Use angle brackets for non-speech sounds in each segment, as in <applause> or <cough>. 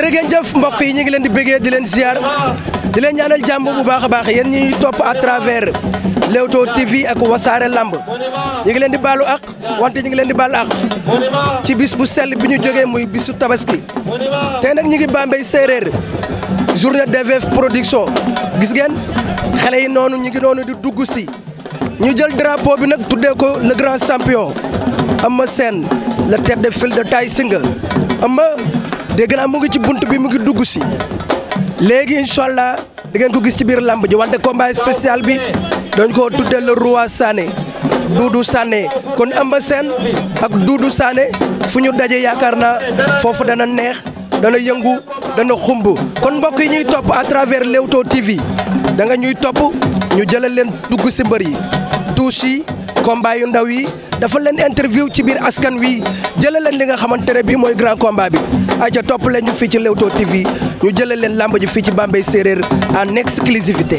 jërë ngeen jëf mbokk yi ñu ngi leen di bëggee di leen ziar di leen ñaanal jàmm bu baax baax yéen ñuy topp à travers Leewtoo TV ak Wasaare Lamb ñu ngi leen di baalu ak wante ñu ngi leen di baal ak ci bis bu sell bi ñu jógee muy bisu tabaski te nag ñu ngi Bambey séeréer journée DVF production gis ngeen xale yi noonu ñu ngi noonu di dugg si ñu jël drapeau bi nag tuddee ko le grand champion Eumeu Sène le tête de file de Taï Singa Eumeu dégg naa mu ngi ci bunt bi mu ngi dugg si léegi incha allah di ngeen ko gis ci biir làmb ji wante combat spécial bi dañ koo tuddee le roi Sané Doudou Sané kon Eumeu Sène ak Doudou Sané fu ñu dajee yaakaar naa foofu dana neex dana yëngu dana xumb kon mbokk yi ñuy topp à travers Leewtoo TV da nga ñuy topp ñu jëlal leen dugg si mbër yi tuus combat yu ndaw yi dafa leen interview ci biir askan wi jëlee leen li nga xamante ne bii mooy grand combat bi aja topp leen ñu fii ci Leewtoo TV ñu jëlee leen làmb ji fii ci Bambey séeréer en exclusivité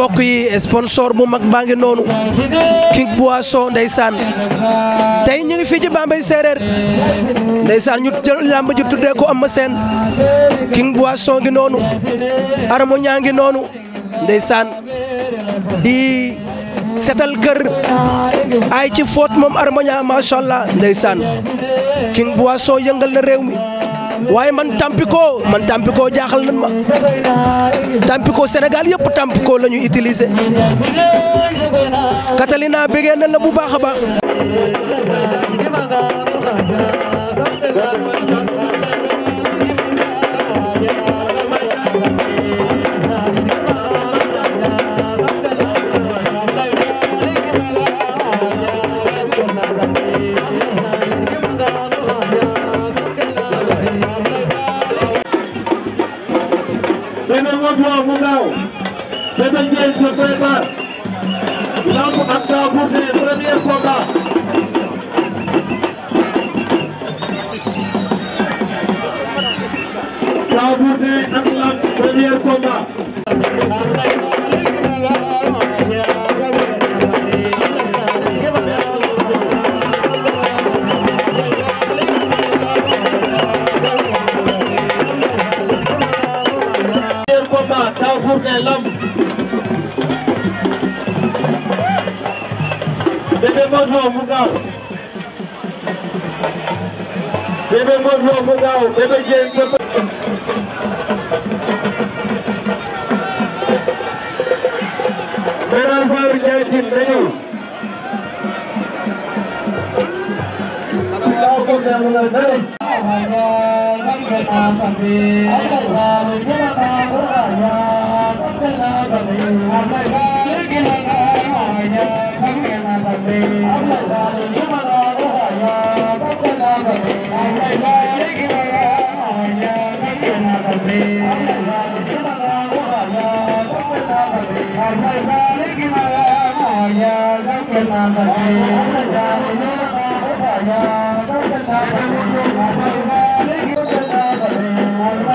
mbokk yi sponsor bu mag baa ngi noonu King Boisson ndeysaan tey ñu ngi fii ci Bambey séeréer ndeysaan ñu jël làmb ji tuddee ko Eumeu Sène King Boisson ngi noonu Arma ñaa ngi noonu ndeysaan di setal kër ay ci foot moom Arma ñaa macha allah ndeysaan King yëngal na réew mi waaye man Tampico man Tampico jaaxal na ma Tampico Sénégal yëpp Tampico la ñu utiliser Catalina bégee na bu baax a baax.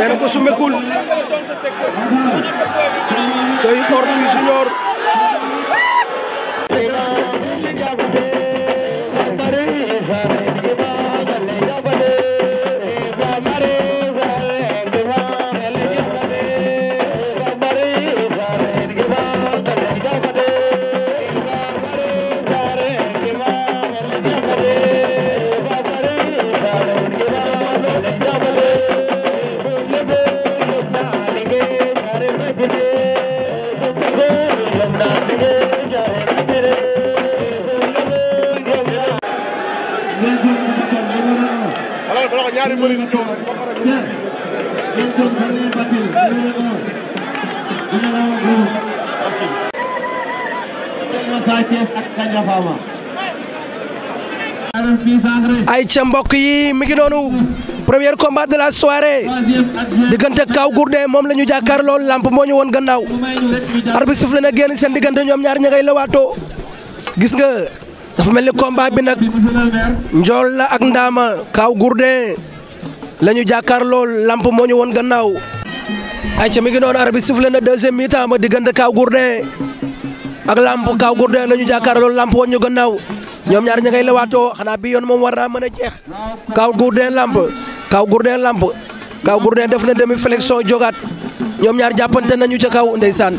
nee na ko sumekul coy Orly Junior ay ak Gandia yi mi ngi noonu premier combat de la soirée diggante Kaw Gourdin moom la ñu jàkkaar lool lamp moo ñu woon gannaaw arbitre sifflé na génn seen diggante ñoom ñaar ña ngay lawaato gis nga dafa mel ni combat bi nag njool la ak ndaama Kaw Gourdin la ñu lool lamp moo ñu woon gannaaw ayca mi ngi noonu arbitre sifflé na deuxième mi-temps ma Kaw Gourdin ak lamp kaw gourdin la ñu jàkkaarloo lamp woon ñu gannaaw ñoom ñaar ña ngay lewaatoo xanaa bi yoon moom war naa mën a jeex kaw gourdin lamp kaw gourdin lamp kaw gourdin def na demi flexion jogaat ñoom ñaar jàppante nañu ca kaw ndeysaan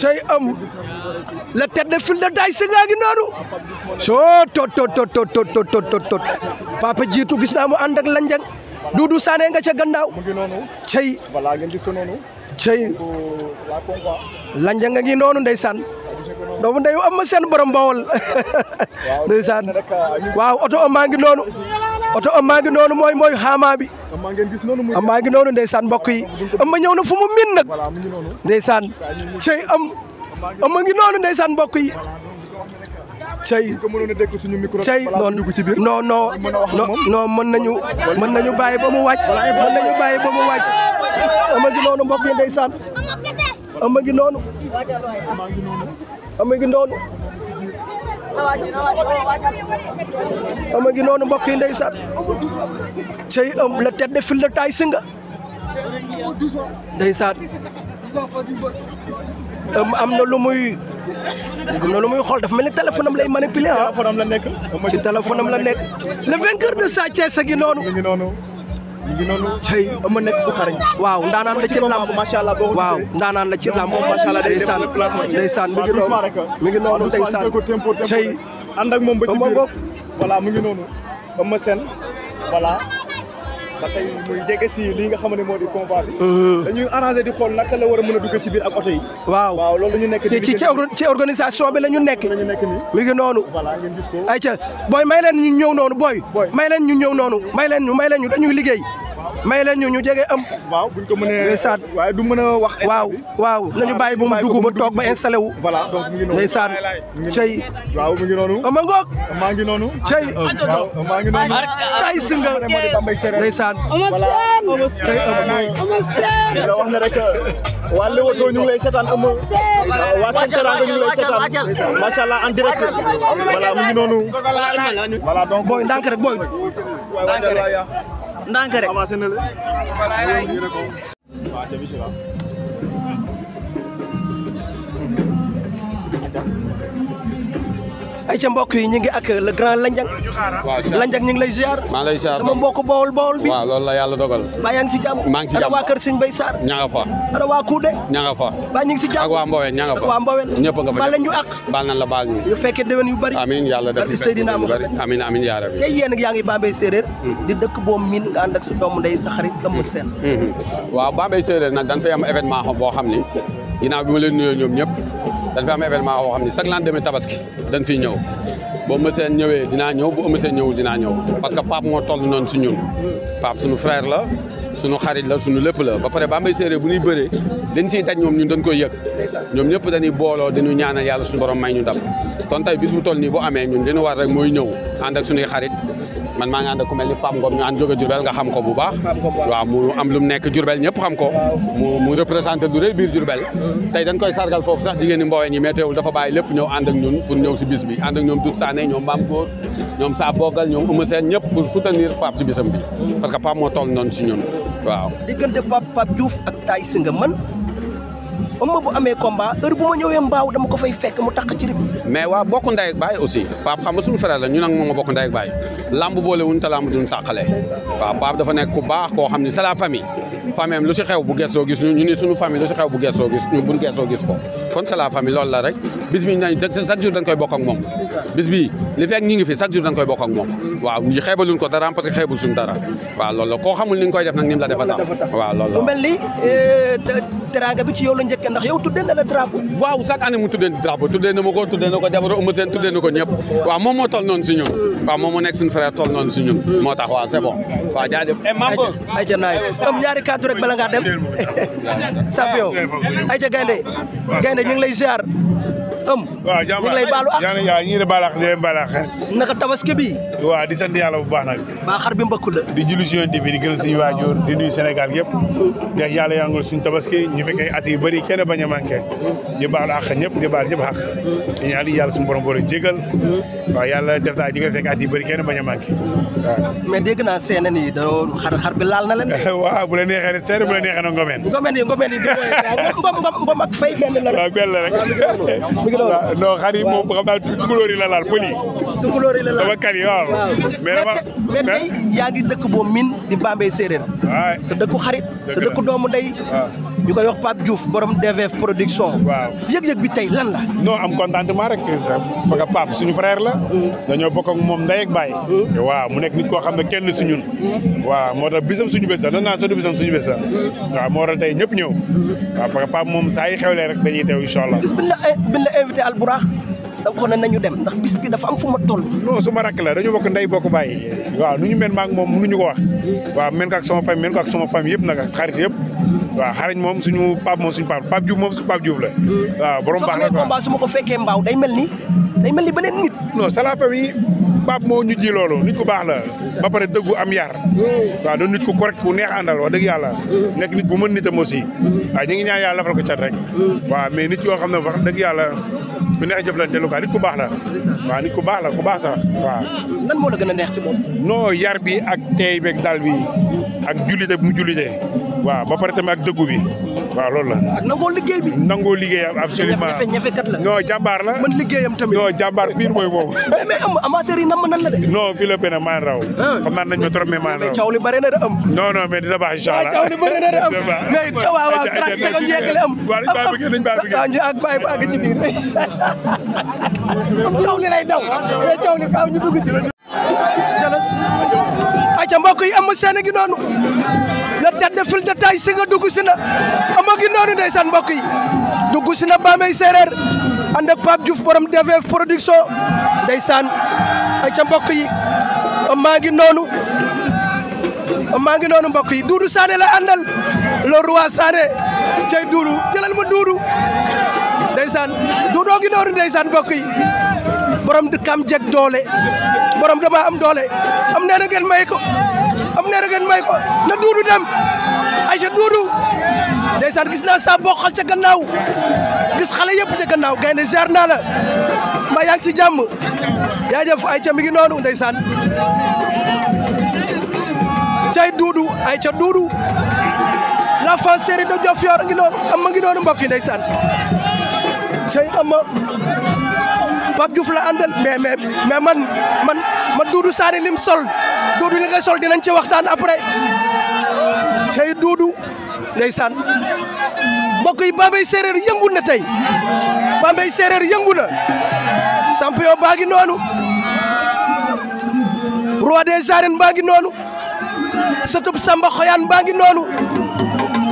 cey am la tête de file de si ngaa ngi noonu soo tot tot tot tot jiitu gis naa mu ànd ak lanjang duudu saane nga ca gannaaw cey cey lanjang nga ngi noonu ndeysaan doomu ndeyu am ma seen borom bawol <laughs> ndeysaan waaw oto am maa ngi noonu oto am maa ngi noonu mooy mooy xaamaa amaa ah, ngi noonu ndeysaan mbokk yi ama ñëw na fu mu min nag ndeysaan cey am ama ngi noonu ndeysaan mbokk yi cey cey noonu non non no mën nañu mën nañu bàyyi ba mu wàcc mën nañu bàyyi ba mu wàcc ama ngi noonu mbokk yi ndeysaan ama noonu ama noonu ama gi noonu mbokk yi ndeysaan cey ëm la tête de file de singa ndeysaan ëm am na lu muy am na lu muy xool dafa mel ni téléphone am lay manipuler ah ci téléphone am la nekk le vainqueur de Sa Thiès a gi noonu ngi noonu cey ama nekk bu xarañ waaw ndaanaan la ci làmb macha allah waaw ndaanaan la ci làmb macha moom ba seen voilà ba tey muy jege si lii nga xam ne moo di combat bi. Euh. dañuy arrangé di xool la war a dugg ci biir ak oto yi. waaw waaw loolu la ñu nekk ci ci organisation bi la ñu nekk. la ñu nekk nii mi ngi noonu. voilà ngeen gis ko ayca booy may leen ñu ñëw noonu may leen ñu ñëw noonu may ñu may leen ñu liggéey. may leen ñu ñu jege ëm. waaw buñ ko mënee ndeysaan waaye du mën a wax. waaw waaw nañu bàyyi bu mu dugg ba toog ba installé wu. voilà donc mu ngi noonu ndeysaan cey. waaw mu ngi noonu. maa ngi noonu. cey. waaw maa ngi noonu. tay si nga ndeysaan. wax na rek waa lay seetaan ëm. waa Sen Teranga ñu ngi lay seetaan en direct. voilà mu ngi noonu. ndànk rek. ay ca mbokk yi ñu ngi ak la grand Landiang Landiang ñu ngi lay ziar maa lay ziar sama mbokk bool bool bi waaw la yàlla dogal baa yaa ngi si jàmm maa ngi si jàmm waa kër Sëñ Bay Sarr ña nga fa ana waa Kuude ña nga fa baa ñu ngi si jàmm ak waa ak baal nañ la baal ñu ñu fekkee déwén yu bari amiin yàlla def ci Seydina Muhammad amiin amiin yaa rabbi tey yaa ngi Bambey Séeréer hmm. di dëkk boo miin nga ànd ak sa doomu ndey sa xarit dëmb hmm. seen hmm. waaw Bambey Séeréer nag dañ fay am événement boo xam ni ginnaaw bi ma leen nuyoo dañ fi am événement boo xam ne chaque lendemain tabaski dañ fiy ñëw bu Eumeu Sène ñëwee dinaa ñëw bu Eumeu Sène ñëwul dinaa ñëw parce que Pape moo toll noonu si ñun Pape suñu frère la suñu xarit la suñu lépp la ba pare Bambey séeréer bu ñuy bëree dañ siy daj ñoom ñun dañ koy yëg ñoom ñëpp dañuy booloo dañu ñaanal yàlla suñu borom may ñu dam kon tey bis bu toll nii bu amee ñun dañu war rek mooy ñëw ànd ak suñuy xarit man maa ngi ànd ak ku mel ni Pape Ngom ñu ànd jóge nga xam ko bu baax waaw mu am lu mu nekk Diourbel ñëpp xam ko mu mu représenté du rëy biir Diourbel mm-hmm. tey dañ koy sargal foofu sax jigéen ñi mbooyeen yi mais lépp ñëw ànd ak bi Sané ñoom Mame Góor ñoom Sa Bogal ñoom Eumeu Sène ñëpp pour soutenir Pape si bisam bi parce que Pape moo toll noonu si ñun waaw. diggante Pape Pape Diouf ak Taï Singa man ëmma bu amee combat heure bu ma ñëwee mbaaw dama ko fay fekk mu taq ci rib mais waa bokk ndey ak baay aussi Pape xam nga suñu la ñu nag moom a bokk ndey ak baay lamb boole wuñ te lamb duñ tàqale waaw Pape dafa nekk ku baax koo xam ne c'est la lu si xew bu gessoo gis ñu ni suñu famille lu si xew bu gessoo gis ñu gis ko kon c'est la famille la rek bis bi nañ chaque jour koy bokk ak moom bis li fekk ñi ngi fi chaque jour dañ koy bokk ak moom waaw ñu xeebaluñ ko dara parce que xeebul suñ dara waaw loolu la koo koy def nag ni mu la defa eh, tam teraanga bi ci yow la njëkkee yow tuddee na la drapeau waaw chaque année mu tuddee drapeau tuddee na ma ko na ko jabaru Eumeu Sène na ko ñëpp waaw moom moo noonu si ñun waaw moom nekk suñu frère toll noonu si ñun moo tax waaw c'est bon waaw jaajëf ayca naay am ñaari kàddu rek bala dem <laughs> champion ayca gaynde gaynde ñu ngi lay ëm waaw jàmm ñu ngi lay baalu ak yaa ñi la baalax leen baalax naka tabaski bi waaw di sant yàlla bu baax nag baa xar bi mbëkk la di julli si yonent bi di gën suñu waajur di nuyu Sénégal yëpp di yàlla yàngul suñu tabaski ñu fekkee at yu bëri kenn bañ a manqué di baal àq ñëpp di baal ñëpp àq di ñaan yàlla suñu borom boole jégal waaw yàlla def naa ñu koy fekk at yu bëri kenn bañ a manqué waaw mais dégg naa seen ni da xar xar bi laal na leen waaw bu la neexee ne seen bu la neexee na ngomeen ngomeen yi ngomeen yi ngom ak fay benn la rek léegi loolu. non xar yi moom xam naa tukulóor yi la laal pël yi. tukulóor yi dëkk min di Bambey séeréer. sa dëkku xarit sa dëkku doomu ndey. ñu koy wax Pape Diouf borom DVF production. waaw yëg-yëg bi tey lan la. non am contentement rek parce que suñu frère la. Mm. dañoo bokk moom ndey ak baay. Mm. waaw mu nekk nit koo xam ne kenn si ñun. Mm. waaw moo tax bisam suñu bés sax dañ naan sotti bisam suñu bés waaw moo tax tey ñëpp ñëw. waaw parce que Pape moom saa yi xewlee rek dañuy teew incha allah. bis eh, la invité Alburax donc kon nañu dem ndax bis bi dafa am fu ma toll. non su rakk la dañu bokk ndey bokk bàyyi. waaw nu ñu mel maag moom mënuñu ko wax. waaw men ko ak sama famille men ko ak sama famille yëpp nag ak xarit yëpp. waaw xarañ moom suñu pape moom suñu pape Pape Diouf moom suñu la. waaw borom baax la ma ko fekkee mbaaw day mel ni day mel ni beneen nit. non c'est la Pape moo ñu ji loolu nit ku baax la ba pare dëggu am yar waaw doon nit ku correct ku neex àndal wax dëgg yàlla nekk nit bu mën nitam aussi waaw ñu ngi ñaan yàlla lafal ko cat rek waaw mais nit yoo xam ne wax dëgg yàlla bu neex jëflante lu quoi nit ku baax la waaw nit ku baax la ku baax sax waaw nan moo la gën ci moom non yar bi ak teey beeg dal bi ak jullite bu mu jullite waaw ba pare tamit ak dëggu bi waaw loolu la. nangoo liggéey bi. nangoo liggéeyam absolument ñafe ñafe kat la. non jàmbaar la man liggéeyam tamit. non jàmbaar pire mooy moom. <laughs> mais mais am amateur yi nam nan la de. non fii la benn maan raw. Ah. xam naa nañ ma trop maan raw. mais caaw li na da am. non non dina baax incha allah. waaw caaw li na da am. mais waaw waaw 30 secondes yeggale am. am <laughs> am lay daw mais caaw li faaw ñu dugg ci. ca mbokk yi Eumeu Sène a ngi noonu la tête de file de si nga dugg si na ama ngi noonu ndeysaan mbokk yi dugg si na Bamey Séeréer ànd ak Pape Diouf borom DVF production ndeysaan aca mbokk yi maa ngi noonu maa ngi noonu mbokk yi Doudou Sané la àndal le roi Sané cey Doudou jëlal ma Doudou ndeysaan noonu ndeysaan mbokk yi borom dëkkaam jeg doole borom dama am doole am nee na ngeen may ko am nee na ngeen may ko na duudu dem ay ca duudu ndeysaan gis naa saa boo xal ca gannaaw gis xale yëpp ca gannaaw gaynde ziar naa la mbaa yaa ngi si jàmm ay ca mi ngi noonu ndeysaan cay duudu ay ca duudu la fan série ngi noonu am ngi noonu mbokk yi cay am Pape Diouf la àndal mais mais mais man man ma Doudou Sané lim sol Doudou li nga sol dinañ ci waxtaan après cey Doudou ndeysaan mbokk yi Bambey séeréer yëngu na tey Bambey séeréer yëngu na champion baa ngi noonu roi des arènes baa ngi noonu sëtub Samba Xoyaan baa ngi noonu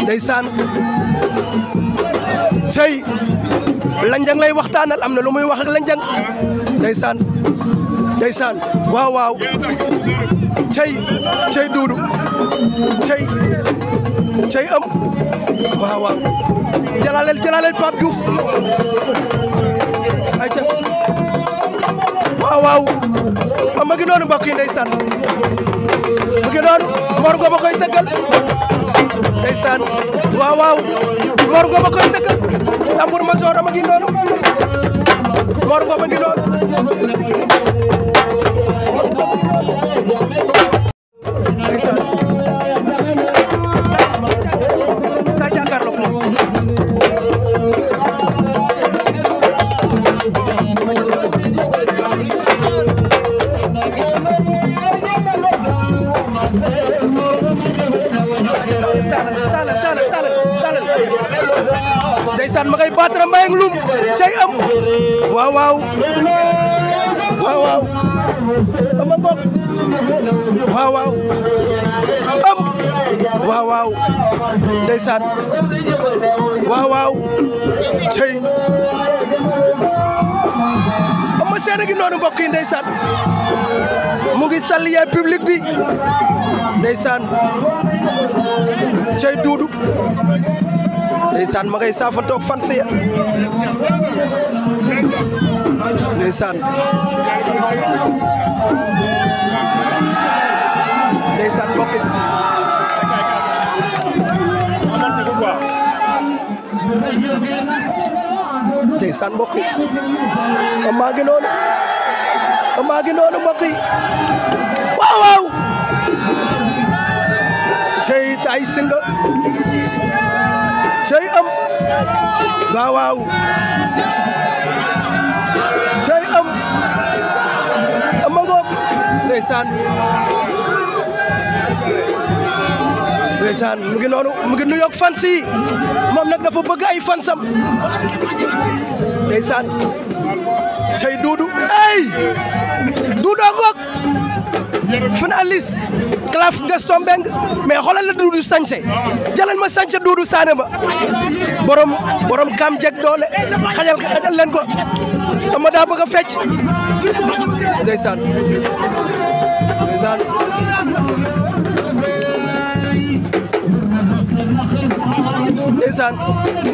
ndeysaan cey lanjang lay waxtaanal am na lu muy wax ak lanjang ndeysaan ndeysaan waaw waaw cey cey duudu cey cey am waaw waaw jalalel jalalel Pape Diouf ay ca waaw waaw ma ngi noonu mbokk yi ndeysaan ma ngi noonu Mor Ngom a koy tëggal ndeysaan waaw waaw Mor a koy tëggal tambour major am a ngi noonu Mor Ngom a ngi noonu waaw waaw ëpp waaw waaw ndeysaan waaw waaw cey ama seen a ngi noonu mbokk yi ndeysaan mu ngi saliyee public bi ndeysaan cey duudu ndeysaan ma ngay saafantoog fans ya ndeysaan ndeysaan mbokk tay singa cey am waaw waaw cey am ama ngoog ndeysaan ndeysaan mu ngi noonu mu ngi nuyoog fans yi moom nag dafa bëgg ay fansam ndeysaan cey duudu ay duudoo ngoog finaliste Claf Gaston Mbengue mais xoolal la duudu sañse jalal ma sañse duudu saane ba borom borom kam jeg doole xajal xajal leen ko dama daa bëgg a fecc ndeysaan ndeysaan ndeysaan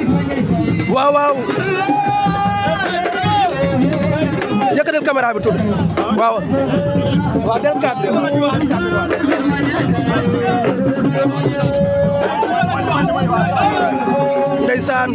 waaw waaw yëkkatil caméra bi tudd waaw waaw del cadre ndeysaan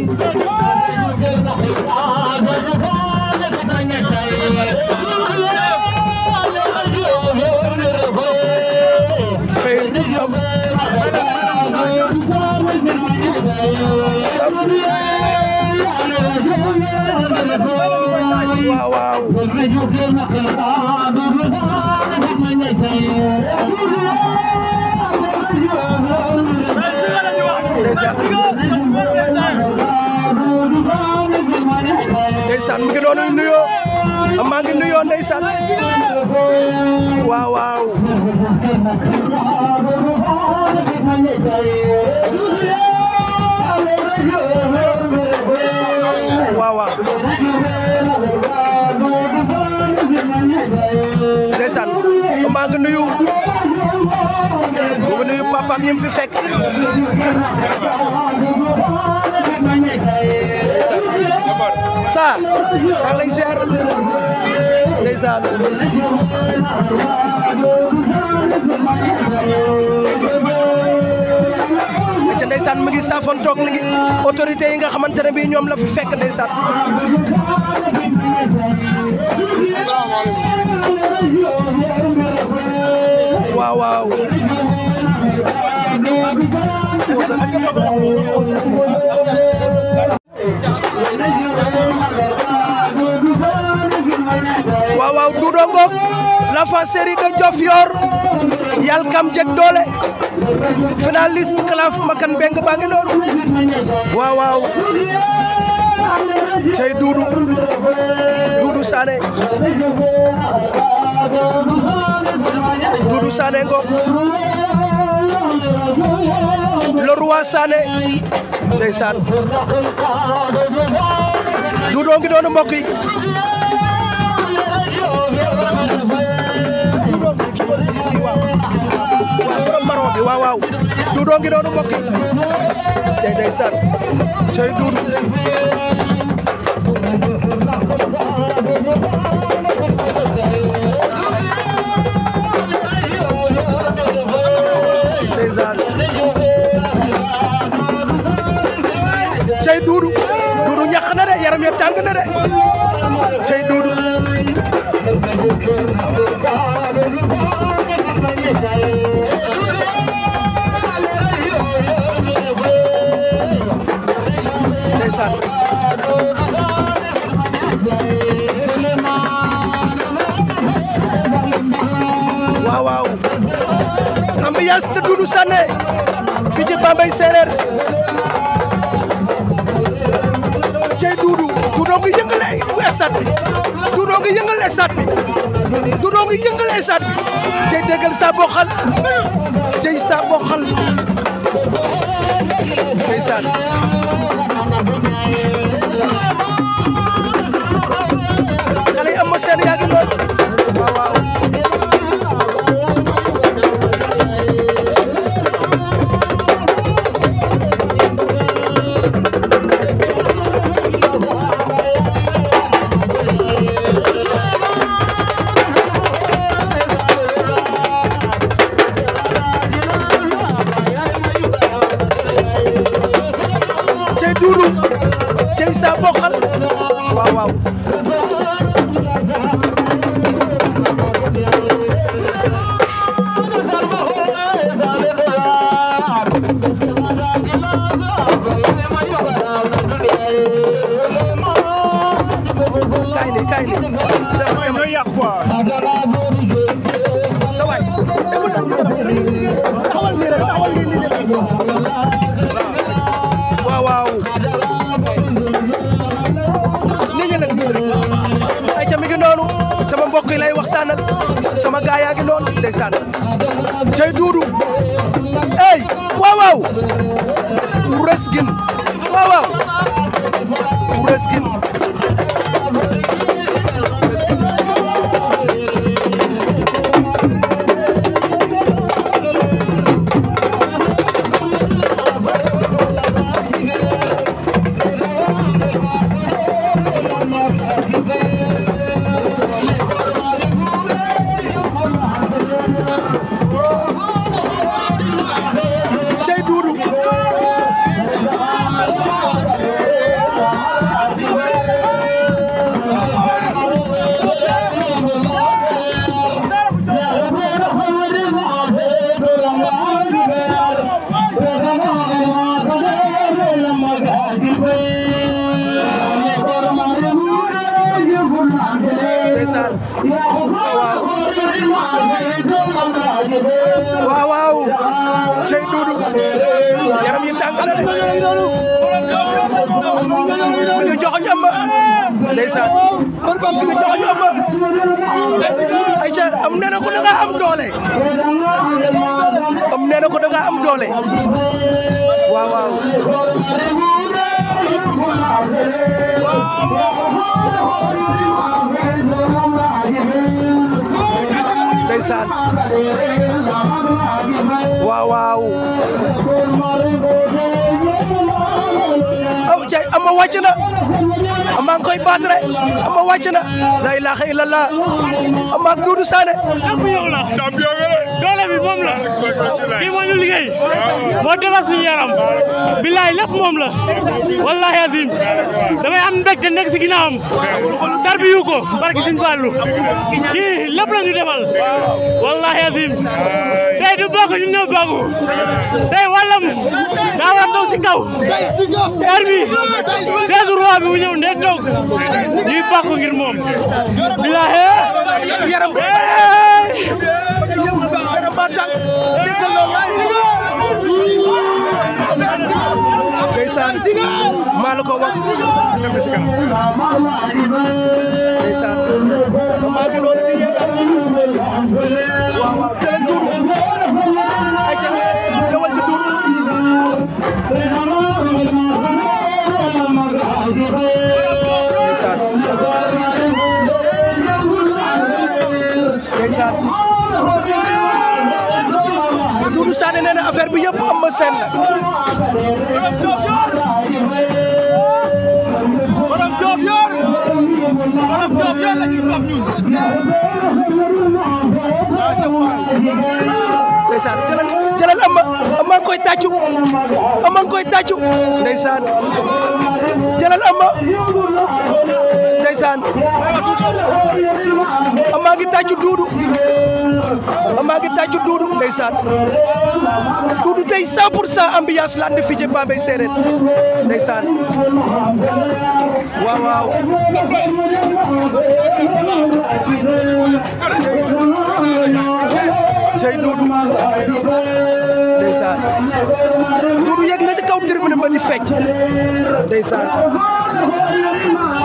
ndeysaan mu ngi doon nuyoo maa ngi nuyoo ndeysaan waaw waaw ñi mu fi fekk saa maa ngi lay ziar ndeysaan mu ngi saafoon toog na ngi autorité yi nga xamante ne bii ñoom la fi fekk ndeysaan waaw waaw waaw waaw Doudou Ngok la fa série de Diofior Yalkam doole finaliste Kalaf Makan Beng baa ngi noonu waaw waaw cey Doudou Doudou Sané Doudou Sané Ngok le roi Sané ndeysaan du doo ngi doon mbokk yi waaw waaw du cey duudu tàng na de cey duudu ndeysaan waaw waaw ambiance de Doudou Sané fii ci Bambey Seereer stade bi Doudou nga yëngal stade bi Doudou nga yëngal stade bi cey déggal sa boxal cey sa boxal ndeysaan jikkoom la wallahi azim damay nekk si tarbiyu ko barki Sëñ kii lépp la defal wallahi azim tey du bokk ñu ñoo bokk tey wàllam daa war a toog si kaw seesu roi bi mu ñëw toog ñuy bokk ngir moom bilahi maa la ko wax. tàccu ama ngi koy tàccu ndeysaan jëlal ama ndeysaan ama ngi duudu tey 100 pour cent la andi fii ci Bambey séeréer ndeysaan waaw waaw cey duudu ndeysaan Doudou yëg na ci kaw tribune ba di fecc ndeysaan waaw waaw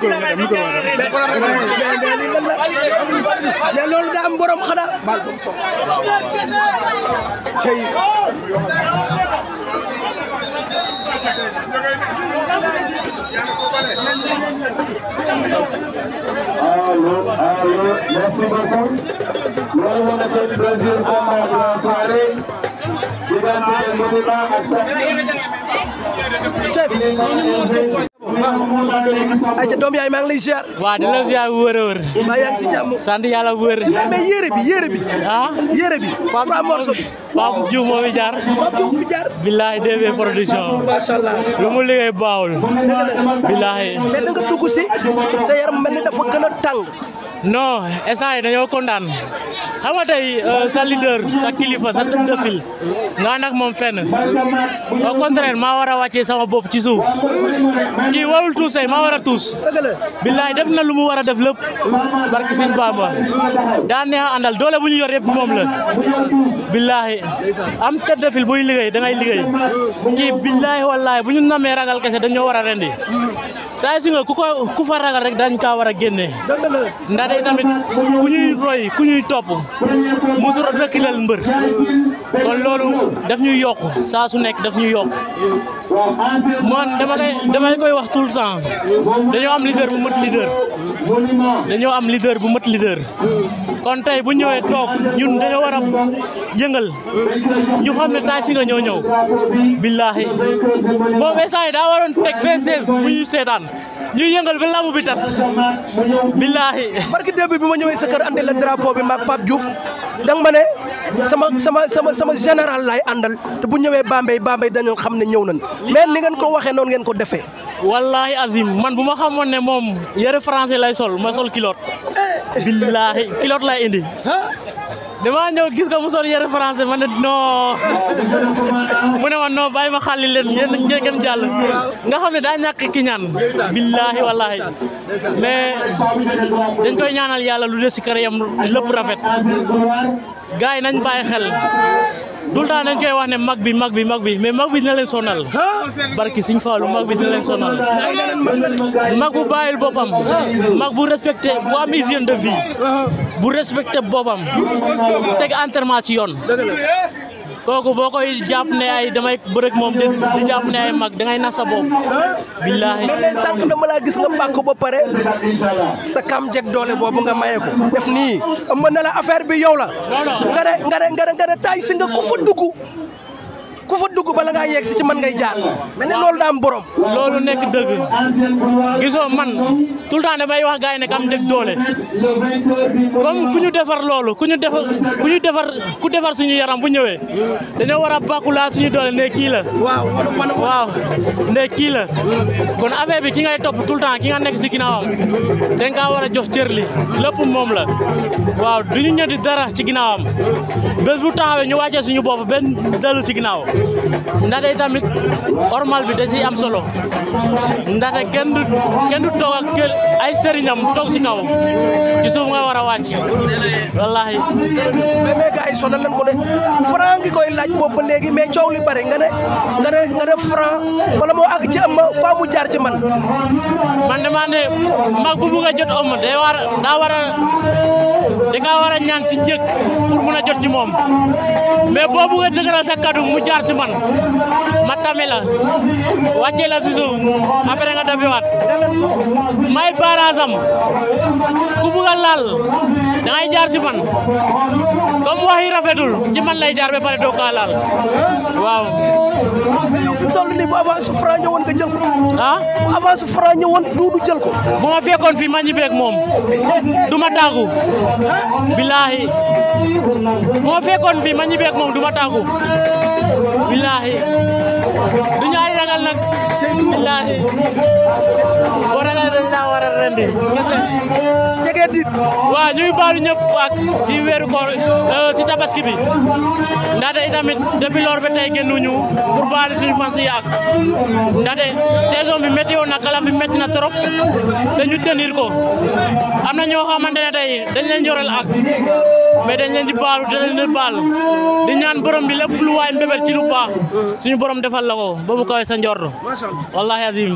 micro nga dem micro nga dem. mais loolu daa am borom ko toog cey Allô, allô, merci beaucoup. Loolu moo nekkoon plaisir combat de la soirée. diggante Modou Lo ay ca doom maa ngi la ziar wër a wër mbaa yaa ngi si jàmm sant yàlla wër mais mais yére bi yére bi ah yére bi trois morceaux bi moo fi jaar Pape Diouf fi jaar billahi DB lu mu liggéey baawul dëgg la billahi mais da nga dugg yaram mel ni dafa gën a non instant yi dañoo kontaan xam nga tey euh, sa leader sa kilifa sa tëb dëfil nga nag moom fenn au contraire maa war a wàccee sama bop ci suuf kii warul tuusay maa war a tuus billaay def na lu mu war a def lépp barki sëñ Bamba daa àndal doole bu ñu yor yëpp moom la billaay am tëb dëfil buy liggéey da ngay liggéey kii billaay wallaay bu ñu namee ragal kese dañoo war a rendi tay si ku ko ku fa ragal rek dañ kaa war a génne tey tamit ku ñuy roy ku ñuy topp musu rëkkilal mbër kon loolu daf ñuy yokk saa su nekk daf ñuy yokk man dama lay koy wax tout le temps dañoo am leader bu mët leader am leader bu mët leader kon tey bu ñëwee toog ñun dañoo war a yëngal ñu xam ne Tay Shinger ñoo ñëw billaahi moom instant yi daa waroon teg fee 16 ñuy seetaan ñuy yëngal ba làmb bi tas billaahi barki démb bi ma ñëwee sa kër andil la drapeau bi maag Pape Diouf danga ma ne sama sama sama sama général laay àndal te bu ñëwee Bambey Bambey dañoo xam ne ñëw nañ mais ni ngeen ko waxee noonu ngeen ko defee wallahi azim man bu ma xamoon ne moom yëre français lay sol ma sol kilote eh. billaahi kilote lay indi damaa ñëw gis ko mu sol yére ma ne non mu ne ma non bàyyi ma xàlli leen yéen jàll nga xam ne daa ñàkk ki ñaan billaahi wallaahi mais dañ koy ñaanal yàlla lu des si kar yam lépp rafet gars yi nañ bàyyi xel tout le temps dañ koy wax ne mag bi mag bi mag bi mais mag bi dina leen sonal. barki Sëñ Fallu mag bi dina leen sonal. mag bu bàyyil boppam. mag bu respecté bu am hygiène de vie. bu respecté boppam. teg entraînement ci yoon. kooku boo koy jàpp ne ay damay bërëg moom di di jàpp ne ay mag dangay nax sa bopp. billaahi mais nee sànq dama laa gis nga bàkk ba pare sa kam jeg doole boobu nga maye ko def nii mën na la affaire bi yow la. nga ne nga si nga ku fa ku fa dugg bala ngaa yegg si ci man ngay jaar mais ne loolu daam borom. loolu nekk dëgg gisoo man tout le temps damay wax gars yi nekk am dëgg doole comme ku ñu defar loolu ku ñu defar ku ñu defar ku defar suñu yaram bu ñëwee dañoo war a bàkkulaa suñu doole ne kii la. waaw waaw kii la kon affaire bi ki ngay topp tout le temps ki nga nekk si ginnaawam dañ kaa war a jox cër li moom la waaw du ñu ñëw di dara ci ginnaawam bés bu taxawee ñu wàccee suñu bopp benn dellu ci ginnaaw. ndaxte tamit ormal bi da si am solo ndaxte kenn du kenn a toog ak ay sëriñam toog si kaw ci suuf nga war a wàcc wallaahi. mais mais gars yi sonal nañ ko de franc ngi koy laaj boobu ba léegi mais coow li bari nga ne nga ne nga moo àgg ci am ma faa mu jaar ci man. man damaa ne mag bu bugg a jot am day war daa war a war a ñaan ci njëkk pour mun a jot ci moom mais boo buggee dëgëral sa kaddu mu jaar ci man ma tame la wàcce la si suuf après nga may barage am ku bugg a man comme wax rafetul ci man lay jaar ba pare doo waaw mais yow fi mu toll nii bu avance su ko. ah bu avance Duudu jël ko. bu ma fekkoon fii ma ñibbeeg moom du ma tàggu. bilaahi bu ma fekkoon fii ma ñibbeeg moom du ma tàggu. billaahi du ñu ragal nag billaahi boo ragalee dañ laa war a rendi kese jege dit baalu ñëpp ak si weeru koor euh, si tabaski bi ndaxte itamit depuis loor ba tey génnuñu pour baalu suñu fan si yaak ndaxte saison bi métti woon na kala fi métti na trop ñu tenir ko am ñoo xamante ne tey dañ leen ak mais dañ leen di baalu te dañ leen ñaan borom bi la lu waay mbébét ci lu baax suñu borom defal la ko ba mu kawee sa njorto wallahi azim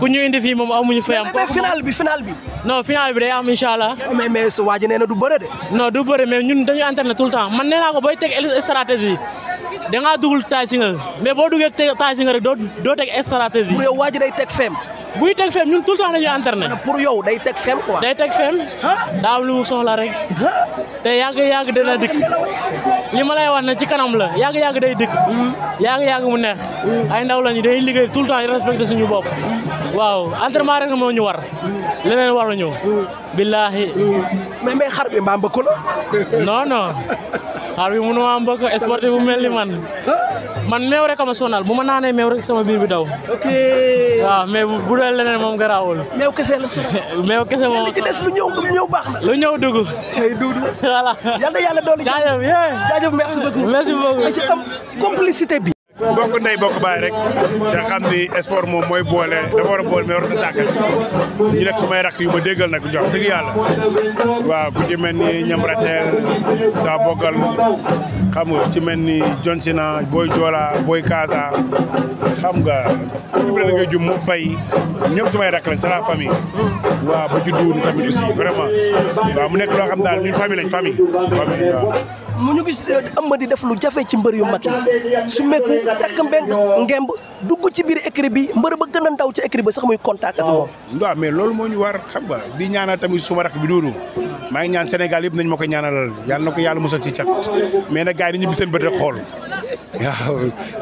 ku ñu indi fii moom muñu fayam mais final bi final bi non final bi day am incha allah mais mais sa nee na du bëre de non du bëre mais ñun dañuy entraîné tout le temps man nee naa ko bay teg stratégie dangaa dugul taay si nga mais boo duggee taay si nga rek doo doo teg stratégie pour yow waa ji feem buy teg fem ñun tout le ñu dañuy entraîné. pour yow day teg fem quoi. day teg fem. daaw lu mu soxla rek. te yàgg yàgg dina dikk. li ma lay wax na ci kanam la yàgg yàgg day dikk. Hmm. yàgg yàgg mu neex. Hmm. ay ndaw lañu day liggéey tout le temps di respecté suñu bopp. Hmm. waaw entraînement rek moo ñu war. leneen waruñu. billaahi. mais xar bi mbaam bëgg ko la. <laughs> xaar bi mënu maa mbëkk sportif bu mel ni man man meew rek ama sonal bu ma naanee meew rek sama biir bi daw. ok waaw mais bu dee leneen moom garaawul. meew kese la sonal. <laughs> meew kese moom li ci lu ñëw lu ñëw baax na. lu ñëw dugg. cay duudu. <laughs> voilà yal na yàlla doon jaajëf jaajëf merci beaucoup merci beaucoup ci am complicité bi. bokk ndey bokk baay rek te xam ni sport moom mooy boole dafa war a boole mais warut a ñu nekk samay rakk yu ma déggal na jox dëgg yàlla waaw ku ci mel ni ñam saa boggal xam nga ci mel ni John Sina booy Joola booy Kaasa xam nga ku jublu na mu fay ñëpp samay rakk lañ c'est la famille waaw ba juddu tamit aussi vraiment waaw mu nekk loo xam daal ñun famille lañ famille famille waaw mu ñu gis am euh, di def lu jafe ci mbër yu mag yi su meeku takk mbeng ngemb dugg ci biir écrit bi mbër ba gën a ndaw ci écrit ba sax muy contact ak moom waaw mais loolu moo ñu war xam nga di ñaanal tamit suma rak bi doodu maa ngi ñaan Sénégal yëpp nañ ma ko ñaanalal yàlla na ko yàlla musal ci cat mais na gars yi ñu seen bët rek xool waaw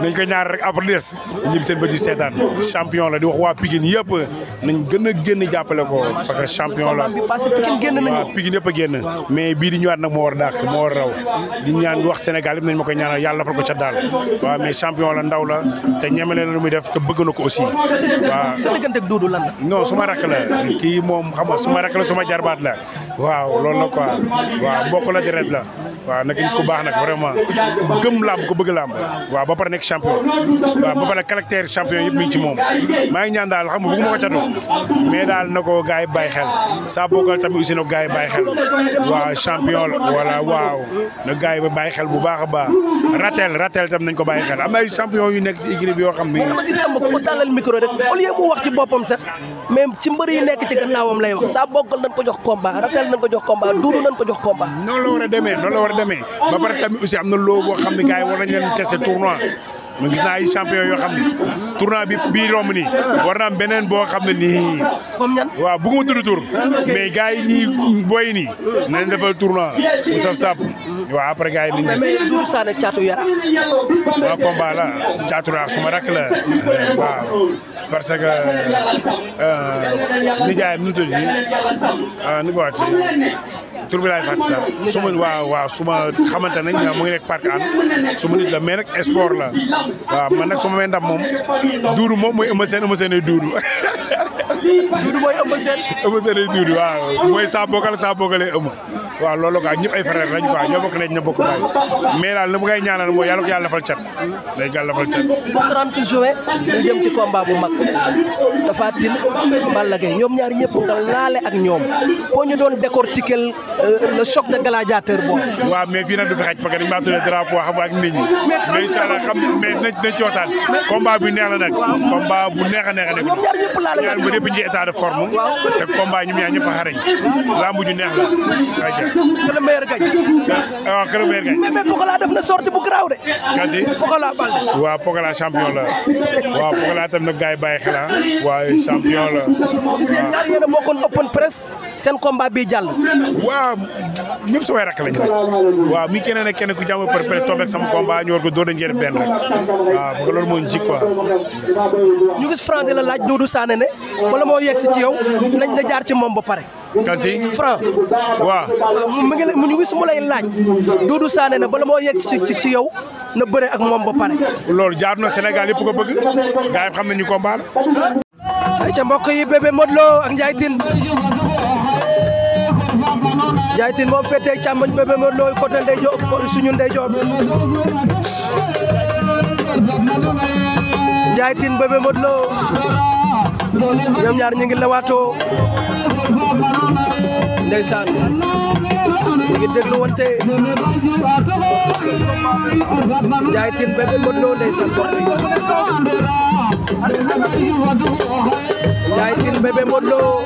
nañ ko ñaar rek après des ñibbi seen bët yi seetaan champion la di wax waa Pikine yëpp nañ gën a génn jàppale ko parce que champion la waaw Pikine yëpp génn mais bii di ñëwaat nag moo war dàq moo war di ñaan wax Sénégal yëpp nañ ma ko ñaanal yàlla defal ko ca daal waaw mais champion la ndaw la te ñeme na lu muy def te bëgg na ko aussi. waaw sa diggante ak lan la. suma su ma rakk la kii moom xam nga su ma rakk la su ma jarbaat la waaw loolu la ko waaw mbokk la deret la. waaw nag ku baax nag vraiment ku gëm làmb ku bëgg làmb waaw ba pare nekk champion waaw ba pare caractère champion yëpp mi ngi ci moom maa ngi ñaan daal xam nga bëgguma ko catu mais na ko gars yi bàyyi xel saa bokkal tamit aussi na ko gars yi bàyyi xel waaw champion la voilà waaw na gars yi ba bàyyi bu baax a baax ratel ratel tam nañ ko bàyyi xel am na ay nekk ci équipe bi yoo xam ni dama gis am ko tàllal micro rek au lieu mu wax ci boppam sax mais ci mbër yi nekk ci gannaawam lay wax saa bokkal nañ ko jox combat ratel nañ ko jox combat duudu nañ ko jox combat la war a demee noonu demee ba pare tamit aussi am na loo boo xam ne gars yi war nañ leen tester tournoi man gis naa ay champion yoo xam ne tournoi bi bii romb nii war naa am beneen boo xam ne nii. comme ñan waaw bëgguma tudd tur. mais gars yi ñii booy nii. nañ defal tournoi bu saf saf. waaw après gars yi nañ gis. mais Doudou Sané caatu yara. waaw combat la caatu yara suma rakk la waaw. parce que euh, nijaayam nu mu tudd nii ah euh, nu ko waxee tur bi laay fàtte sax su waaw waaw su ma xamante nañ mu ngi nekk parc an nit la mais nag sport la waaw man nag su ma may moom duudu moom mooy ëmb seen ëmb seen ay duudu. duudu mooy ëmb seen. ëmb duudu waaw mooy saa bokkale saa bokkale ëmb. waaw loolu quoi ñëpp ay frère lañ quoi ñoo bokk nañ ñoo bokk baay mais daal li mu ngay ñaanal mooy yàlla ko yàlla defal cat. day yàlla defal cat. 30 juin ñu jëm ci combat bu mag Tapha Tine Balla Gaye ñoom ñaar ñëpp nga ñu doon décortiquer euh, le choc de gladiateur boobu. waaw mais fii nag du fi xaj parce cootaan. combat bu neex la nag. combat bu neex a neex a nekk. ñoom ñaar ñëpp laale ak ñoom ñaar ñëpp ñu état de forme. te combat a que le a gagne. waaw que le def na sortie bu garaaw de. kan ci Pokola Baldé. waaw Pokola champion la waaw Pokola tam nag gars yi bàyyi xel ah. la. waaw gis ñaar yéen a open press seen combat bi jàll. waaw ñëpp samay rakk lañ rek. waaw mi keneen ak kenn ku jàmm par press tombé ak sama combat ñu war ko doon dañu benn rek. waaw parce moo ñu ji quoi. ñu gis Franc la laaj Doudou Sané ne wala moo yegg ci yow nañ la jaar ci moom ba pare. kan si Franc waaw mu ngi mu ngi mu lay laaj Doudou Sané na bala moo yegg ci ci yow na bëre ak moom ba pare loolu jaar na Sénégal yëpp ko bëgg gaa xam nañu ko la ca mbokk yi bébé Modou Lo ak Ndiaye Tine Ndiaye Tine moom feetee càmmoñ bébé Modou Lo côté ndey joor suñu ndey joor Ndiaye Tine bébé Modou Lo ñoom ñaar ñu ngi lewaatoo ndeysaan ñu ngi déglu wante Ndiaye Tine Bébé Modou Lo ndeysaan bokk Ndiaye Tine Bébé Modou Lo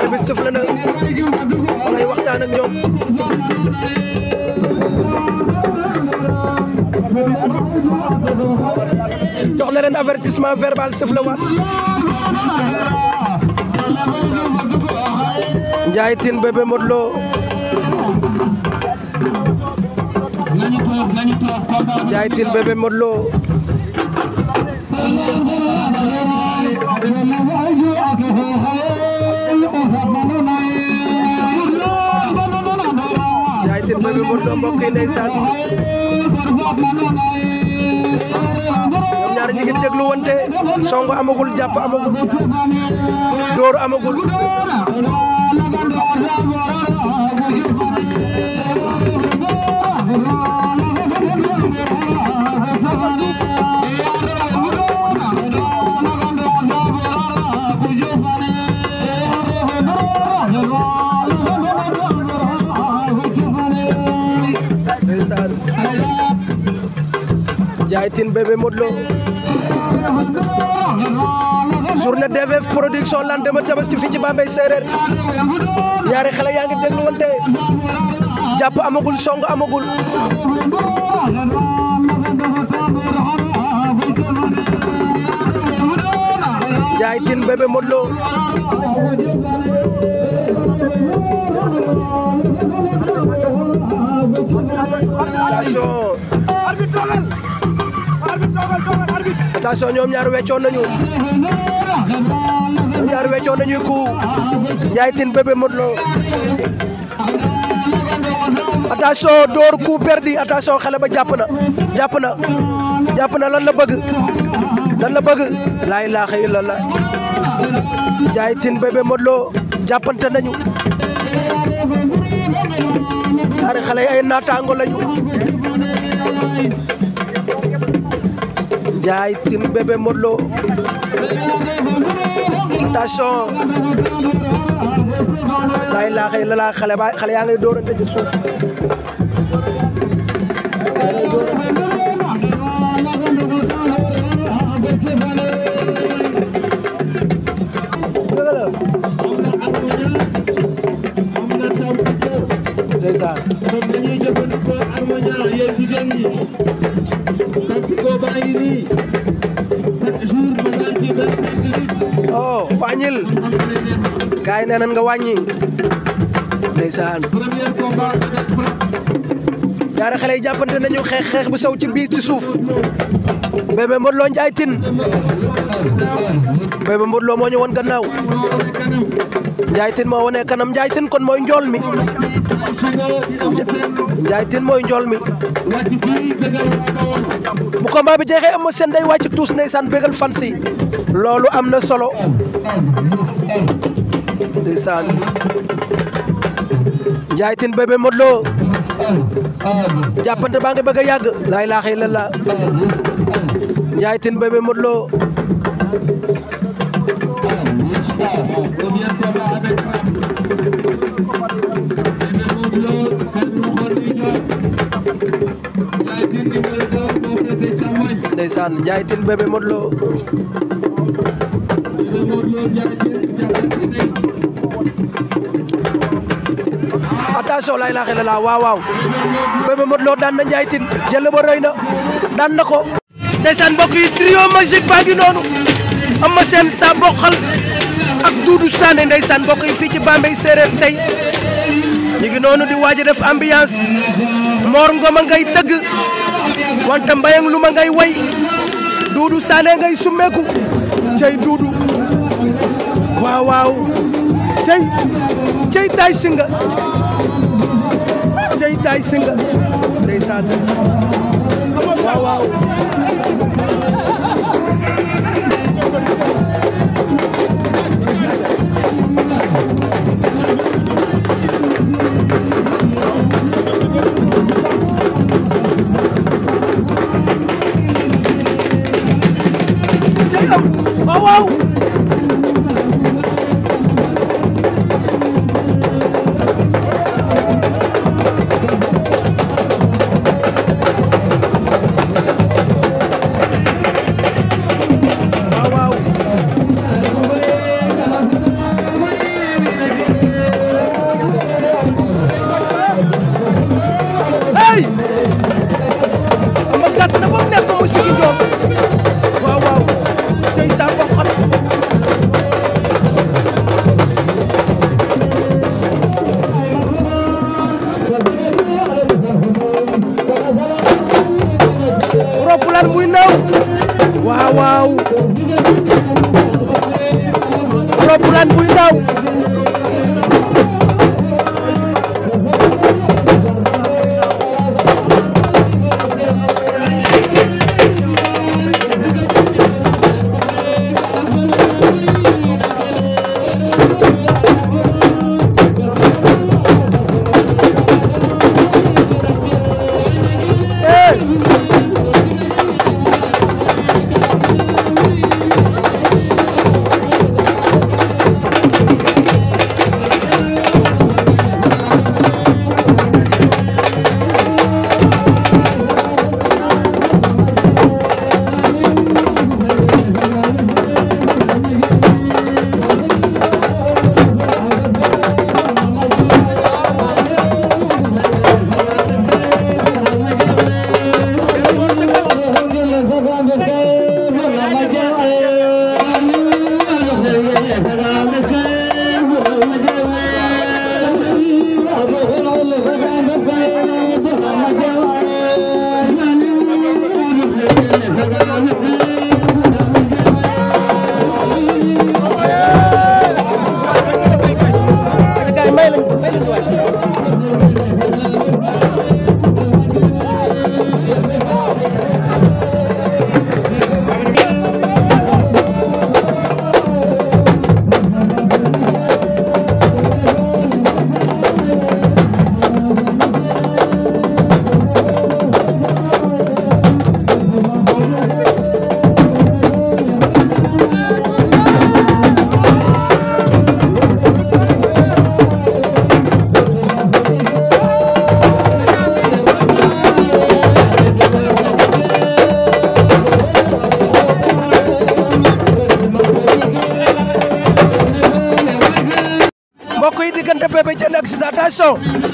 arbitre sëf la na ngay waxtaan ak ñoom jox na leen avertissement verbal sifflé waat Ndiaye Tine Bébé Modou Lo Ndiaye Tine Bébé Modou Lo Ndiaye Tine Bébé Modou Lo mbokk yi ndeysaan ñoom ñaari ñi ngi déglu wante songo amagul jàpp amagul dóor amagul Ndiaye Tine bébé Modou Lo journée DVF production lan dema tabaski fii ci Bambey séeréer ñaari xale yaa ngi déglu wante jàpp amagul song amagul Ndiaye Tine bébé Modou attention ñoom ñaar weccoon nañu ñoom ñaar weccoon nañuy ku Ndiaye Tine Bébé Modou door coup perdu attention xale ba jàpp na jàpp na jàpp na lan la bëgg lan la bëgg laa ilaaha illallah Ndiaye Tine Bébé Modou Lo jàppante nañu xale ay naataango lañu Ndiaye Tine bébé Modou Lo attention lay laa xëy la xale yaa ngay dóorante ci suuf wàññil gaay nee nga wàññi ndeysaan ñaari xale yi jàppante nañu xeex xeex bu sew ci biir ci suuf Bébé Modou Lo Ndiaye Tine Bébé moo ñu woon gannaaw Ndiaye Tine moo wone kanam Ndiaye Tine kon mooy njool mi Ndiaye Tine mooy njool mi bu combat bi jeexee am seen day wàcc tuus ndeysaan bégal fan si loolu am na solo ndeysaan Ndiaye Tine bébé Modou jàppante baa ngi bëgg a yàgg laa ilaaha illallah Ndiaye bébé Modou attention laa la illallaah waaw waaw Bébé Modou Lo daan na Ndiaye Tine jël ba rëy na daan na ko ndeysaan mbokk yi trio magique baa ngi noonu am seen sa bokkal ak Doudou Sané ndeysaan mbokk yi fii ci Bambey séeréer tey ñu ngi noonu di waaj a def ambiance Mor Ngoma ngay tëgg wante Mbayang Luma ngay way Doudou Sané ngay summeeku cey Doudou waaw waaw cey cey tay singa cey tay singa ndeysaan waaw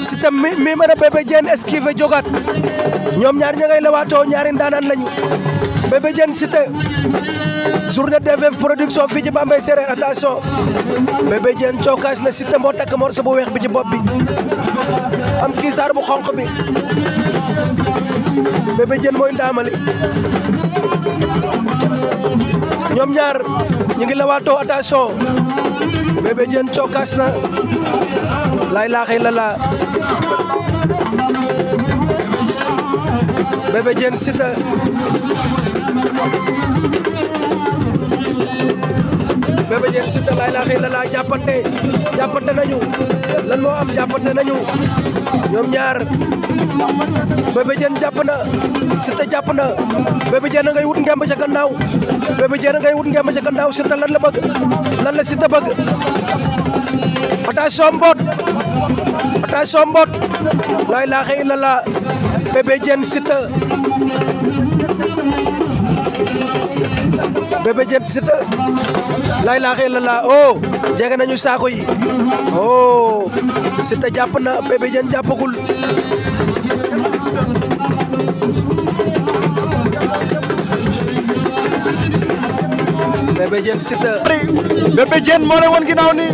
Siteu Mimara Bébé Diène esquive jogaat ñoom ñaar ña ngay lewaatoo ñaari ndaanaan lañu Bébé Diène Siteu journée DVF production fii ci Bambey Sereer attention Bébé Diène cookaas na Siteu moo takk morso bu weex bi ci bopp bi am kiisaar bu xonq bi Bébé Diène mooy ndaamali ñoom ñaar ñu ngi lewaatoo attention Bébé Diène cokkaas na laay laaxee la laa Bébé Diène Siteu Bébé Diène Siteu laay laaxee nañu lan moo am jàppante nañu ñoom ñaar. Bébé Diène jàpp na Siteu jàpp na Bébé ngay wut ngemb ca gannaaw Bébé ngay wut ngemb ca gannaaw Siteu lan la bëgg lan la Siteu bëgg attention mboot attention mboot la ilaha illallah Bébé Diène Siteu Bébé Diène Siteu la ilaha illallah oh, jege nañu saako yi oh Siteu jàpp na Bébé Diène jàppagul Bébé Diène moo lay woon ginnaaw nii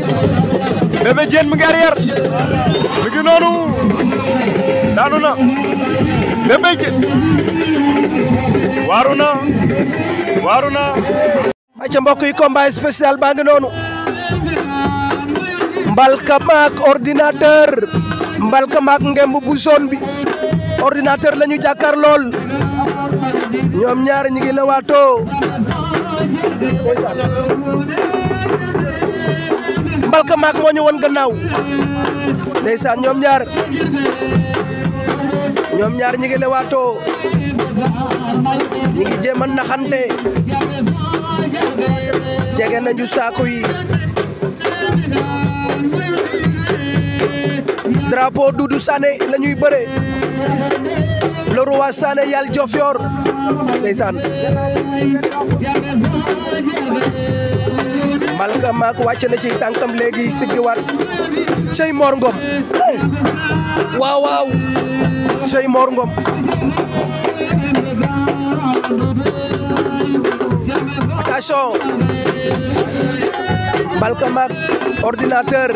Bébé Diène mu ngi arrière mu ngi noonu daanu na Bébé waaru na waaru na. ayca mbokk yi combat spécial baa ngi noonu. mbalka maak ordinateur mbalka maak ngemb bu zone bi ordinateur la ñu jàkkaar lool ñoom ñaar ñi ngi la waatoo Mbalka maak moo ñu woon gannaaw ndeysaan ñoom ñaar ñoom ñaar ñi ngi lewaatoo ñi ngi jéem naxante jege nañu saako yi drapeau Doudou Sané bëre le roi Sané Yal Diofior ndeysaan Malka maak wàcc na ci tànkam léegi siggiwaat cey Mor Ngom waaw waaw cey Mor Ngom attention Malka maak ordinateur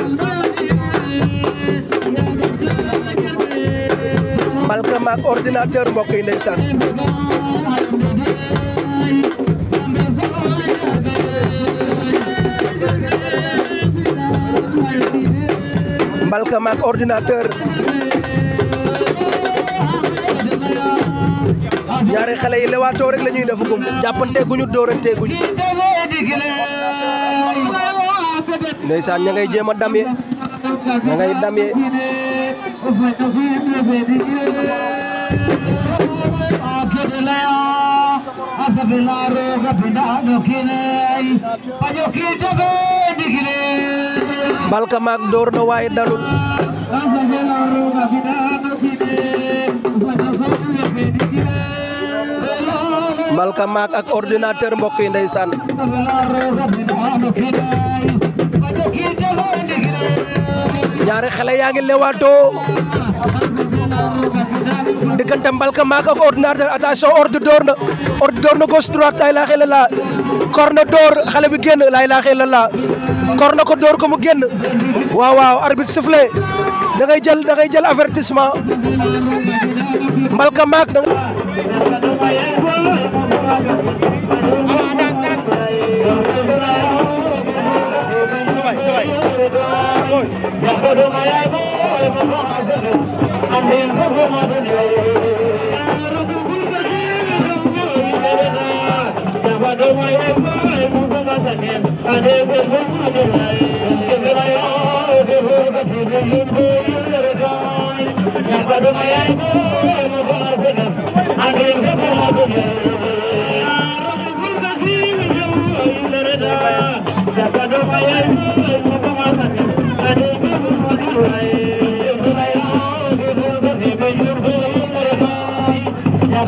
malgré maak ordinateur mbokk yi ndeysaan mbalka maak ordinateur ñaari xale yi lewaatoo rek la ñuy def gum jàppante guñu dóorante guñu ndeysaan ña ngay jéem a damye ña damye balka maak door na waaye dalul balka ak ordinateur mbokk yi ndeysaan ñaari xale yaa ngi lewaatoo diggante mbalka maak ak ordinateur attention na ordre door na gauche droite la ilaha illallah corne door xale bi génn la ilaha kor na ko door ko mu génn waaw waaw arbitre sifflé da jël da jël avertissement mbalka maak da kodoma yabo yabo hazırız Annem kodoma dönüyor Kodoma yabo yabo hazırız Annem kodoma dönüyor Kibiraya kibir kapıda yürüyülere kay Kodoma yabo yabo hazırız Annem kodoma dönüyor Kodoma yabo yabo hazırız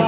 Oh,